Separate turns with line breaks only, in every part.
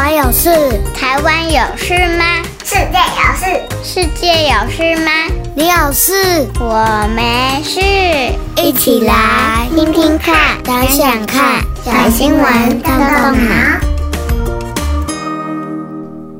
我有事，台灣有事嗎？世界有事，世界有事嗎？你有事，我沒事。一起來聽聽看，想想看，看，看，小新聞動動腦。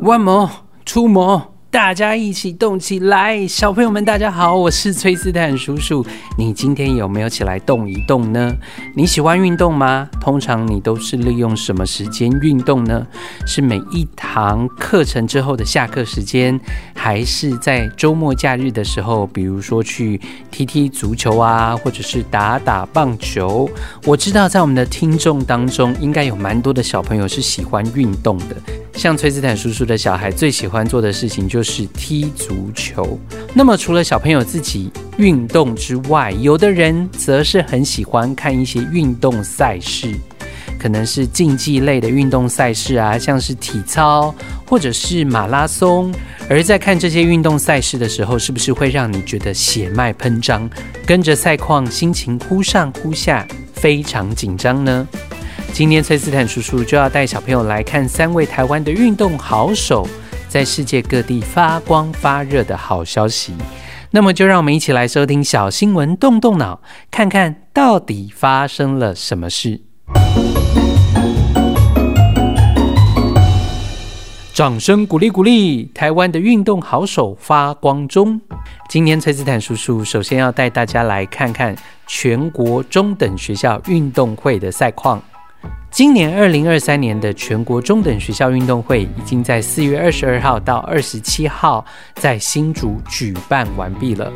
One more, two more. 大家一起動起來！小朋友們，大家好，我是崔斯坦叔叔。你今天有沒有起來動一動呢？你喜歡運動嗎？通常你都是利用什麼時間運動呢？是每一堂課程之後的下課時間，還是在週末假日的時候，比如說去踢踢足球啊，或者是打打棒球？我知道在我們的聽眾當中，應該有蠻多的小朋友是喜歡運動的。像崔斯坦叔叔的小孩最喜歡做的事情就是踢足球。那麼，除了小朋友自己運動之外，有的人則是很喜歡看一些運動賽事，可能是競技類的運動賽事啊，像是體操或者是馬拉松。而在看這些運動賽事的時候，是不是會讓你覺得血脈噴張，跟着賽況心情忽上忽下，非常緊張呢？今天崔斯坦叔叔就要帶小朋友來看三位台灣的運動好手在世界各地發光發熱的好消息。那麼，就讓我們一起來收聽小新聞，動動腦，看看到底發生了什麼事。掌聲鼓勵鼓勵！台灣的運動好手發光中。今天崔斯坦叔叔首先要帶大家來看看全國中等學校運動會的賽況。今年二零二三年的全國中等學校運動會已經在四月二十二號到二十七號在新竹舉辦完畢了。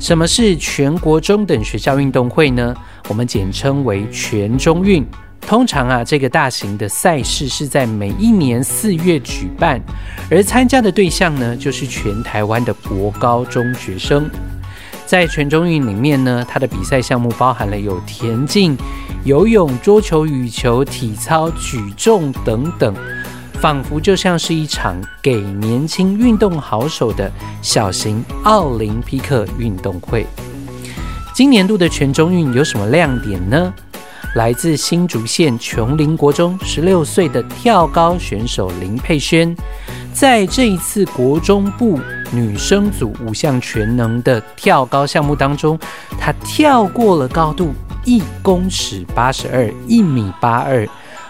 什麼是全國中等學校運動會呢？我們簡稱為全中運。通常啊，這個大型的賽事是在每一年四月舉辦，而參加的對象呢，就是全台灣的國高中學生。在全中運裡面呢，它的比賽項目包含了有田徑、游泳、桌球、羽球、體操、舉重等等，仿佛就像是一場給年輕運動好手的小型奧林匹克運動會。今年度的全中運有什麼亮點呢？來自新竹縣芎林國中十六歲的跳高選手林佩萱，在這一次國中部女生組五項全能的跳高項目當中，她跳過了高度，一公尺八十二，一米八二，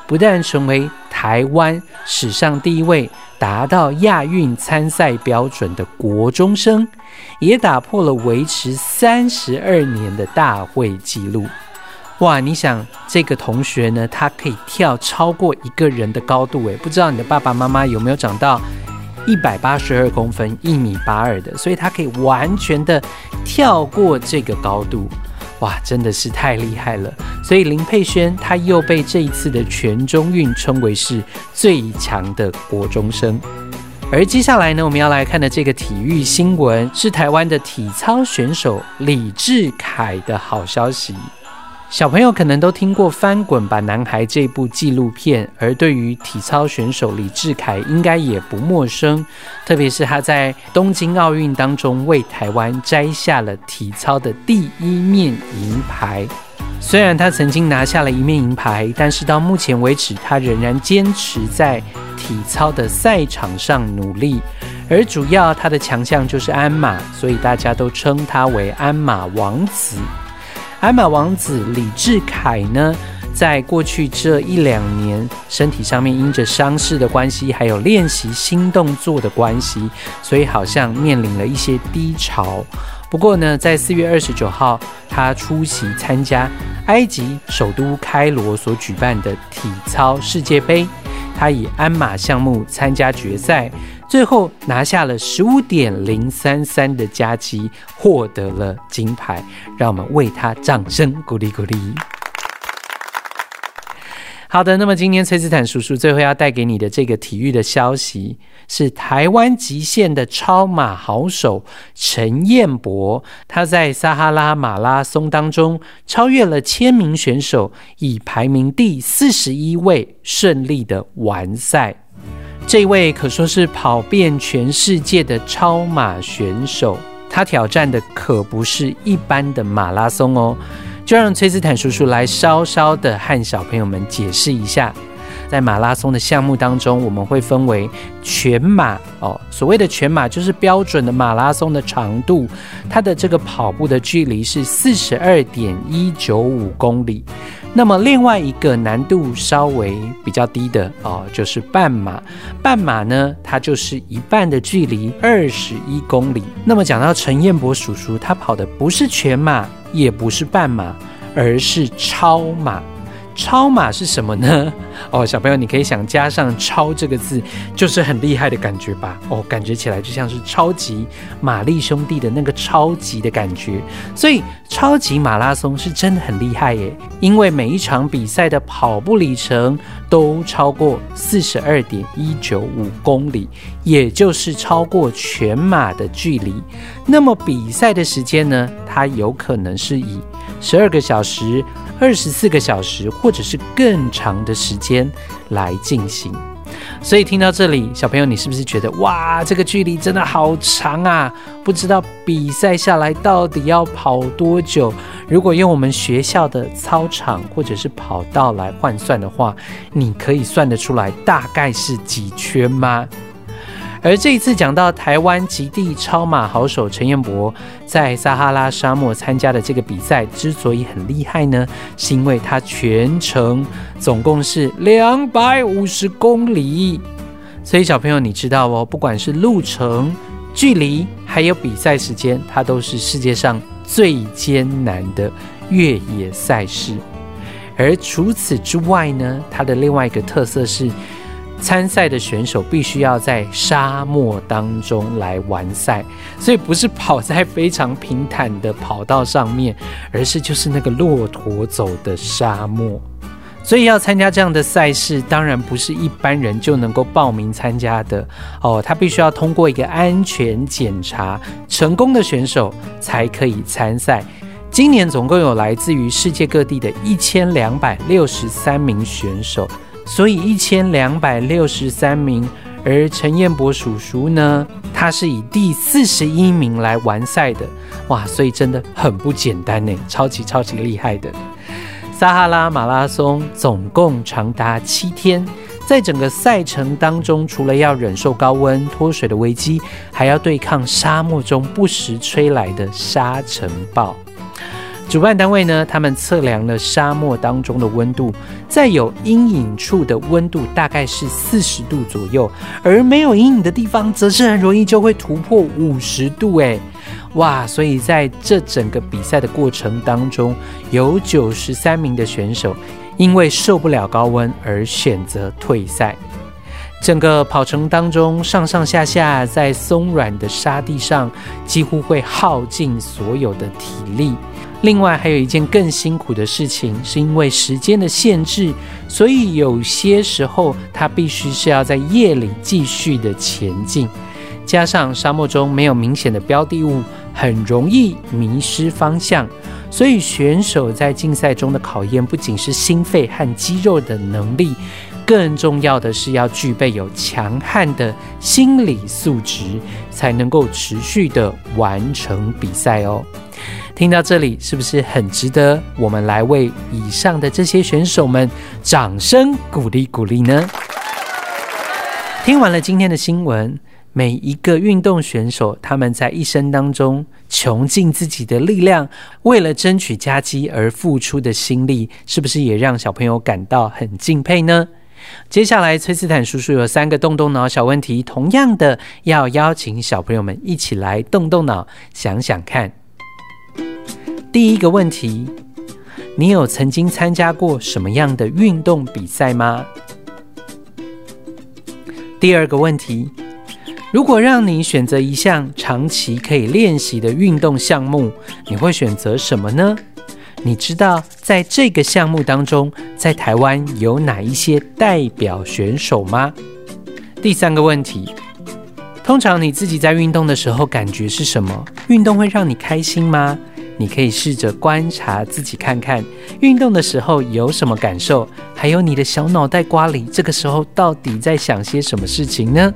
不但成為台灣史上第一位達到亞運參賽標準的國中生，也打破了維持三十二年的大會紀錄。哇！你想這個同學呢，他可以跳超過一個人的高度，哎，不知道你的爸爸媽媽有沒有長到一百八十二公分，一米八二的，所以他可以完全的跳過這個高度。哇，真的是太厲害了！所以林佩萱，她又被這一次的全中運稱為是最強的國中生。而接下來呢，我們要來看的這個體育新聞，是台灣的體操選手李智凱的好消息。小朋友可能都聽過《翻滾吧，男孩》這部紀錄片，而對於體操選手李智凱，應該也不陌生。特別是他在東京奧運當中為台灣摘下了體操的第一面銀牌。雖然他曾經拿下了一面銀牌，但是到目前為止，他仍然堅持在體操的賽場上努力。而主要他的強項就是鞍馬，所以大家都稱他為鞍馬王子。鞍馬王子李智凱呢，在過去這一兩年，身體上面因着傷勢的關係，還有練習新動作的關係，所以好像面臨了一些低潮。不過呢，在四月二十九號，他出席參加埃及首都開羅所舉辦的體操世界杯，他以鞍馬項目參加決賽。最後拿下了十五點零三三的佳績，獲得了金牌，讓我們為他掌聲鼓勵鼓勵。好的，那麼今天崔斯坦叔叔最後要帶給你的這個體育的消息是：台灣極限的超馬好手陳彥博，他在撒哈拉馬拉松當中超越了千名選手，以排名第四十一位順利的完賽。這位可說是跑遍全世界的超馬選手，他挑戰的可不是一般的馬拉松哦，就讓崔斯坦叔叔來稍稍的和小朋友們解釋一下，在馬拉松的項目當中，我們會分為全馬哦。所謂的全馬就是標準的馬拉松的長度，它的這個跑步的距離是四十二點一九五公里。那麼另外一個難度稍微比較低的哦，就是半馬。半馬呢，它就是一半的距離，二十一公里。那麼講到陳彥博叔叔，他跑的不是全馬，也不是半馬，而是超馬。超馬是什麼呢？哦，小朋友，你可以想加上“超”這個字，就是很厲害的感覺吧？哦，感覺起來就像是超級瑪麗兄弟的那個超級的感覺。所以超級馬拉松是真的很厲害耶，因為每一場比賽的跑步里程都超過四十二點一九五公里，也就是超過全馬的距離。那麼比賽的時間呢？它有可能是以十二個小時二十四個小時，或者是更長的時間來進行。所以聽到這裡，小朋友，你是不是覺得哇，這個距離真的好長啊？不知道比賽下來到底要跑多久？如果用我們學校的操場或者是跑道來換算的話，你可以算得出來大概是幾圈嗎？而這一次講到台灣極地超馬好手陳彥博在撒哈拉沙漠參加的這個比賽，之所以很厲害呢，是因為他全程總共是兩百五十公里。所以小朋友，你知道哦，不管是路程、距離，還有比賽時間，它都是世界上最艱難的越野賽事。而除此之外呢，它的另外一個特色是，參賽的選手必須要在沙漠當中來完賽，所以不是跑在非常平坦的跑道上面，而是就是那個駱駝走的沙漠。所以要參加這樣的賽事，當然不是一般人就能夠報名參加的哦，他必須要通過一個安全檢查，成功的選手才可以參賽。今年總共有來自於世界各地的一千兩百六十三名選手。所以一千兩百六十三名，而陳彥博叔叔呢，他是以第四十一名來完賽的，哇，所以真的很不簡單呢，超級超級厲害的。撒哈拉馬拉松總共長達七天，在整個賽程當中，除了要忍受高溫脫水的危機，還要對抗沙漠中不時吹來的沙塵暴。主辦單位呢，他們測量了沙漠當中的溫度，在有陰影處的溫度大概是四十度左右，而沒有陰影的地方則是很容易就會突破五十度誒。哇！所以在這整個比賽的過程當中，有九十三名的選手因為受不了高溫而選擇退賽。整個跑程當中，上上下下在鬆軟的沙地上，幾乎會耗盡所有的體力。另外，還有一件更辛苦的事情，是因為時間的限制，所以有些時候他必須是要在夜裡繼續的前進。加上沙漠中沒有明顯的標的物，很容易迷失方向，所以選手在競賽中的考驗不僅是心肺和肌肉的能力。更重要的是要具備有強悍的心理素質，才能夠持續的完成比賽哦。聽到這裡，是不是很值得我們來為以上的這些選手們掌聲鼓勵鼓勵呢？聽完了今天的新聞，每一個運動選手他們在一生當中窮盡自己的力量，為了爭取佳績而付出的心力，是不是也讓小朋友感到很敬佩呢？接下來，崔斯坦叔叔有三個動動腦小問題，同樣的要邀請小朋友們一起來動動腦，想想看。第一個問題：你有曾經參加過什麼樣的運動比賽嗎？第二個問題：如果讓你選擇一項長期可以練習的運動項目，你會選擇什麼呢？你知道在這個項目當中，在台灣有哪一些代表選手嗎？第三個問題，通常你自己在運動的時候，感覺是什麼？運動會讓你開心嗎？你可以試着觀察自己看看，運動的時候有什麼感受，還有你的小腦袋瓜裡這個時候到底在想些什麼事情呢？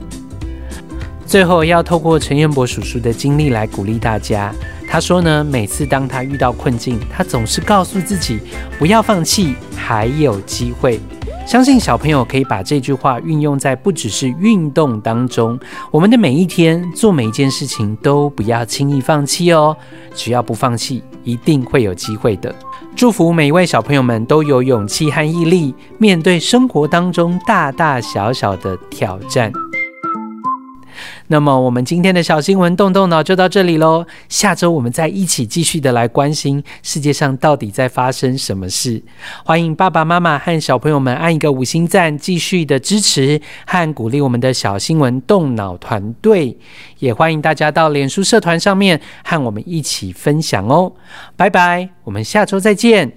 最後要透過陳彥博叔叔的經歷來鼓勵大家。他說呢，每次當他遇到困境，他總是告訴自己，不要放棄，還有機會。相信小朋友可以把這句話運用在不只是運動當中，我們的每一天做每一件事情都不要輕易放棄哦。只要不放棄，一定會有機會的。祝福每一位小朋友們都有勇氣和毅力，面對生活當中大大小小的挑戰。那麼，我們今天的小新聞動動腦就到這裡嘍。下周我們再一起繼續的來關心世界上到底在發生什麼事。歡迎爸爸媽媽和小朋友們按一個五星讚，繼續的支持和鼓勵我們的小新聞動腦團隊。也歡迎大家到臉書社團上面和我們一起分享哦。拜拜，我們下周再見。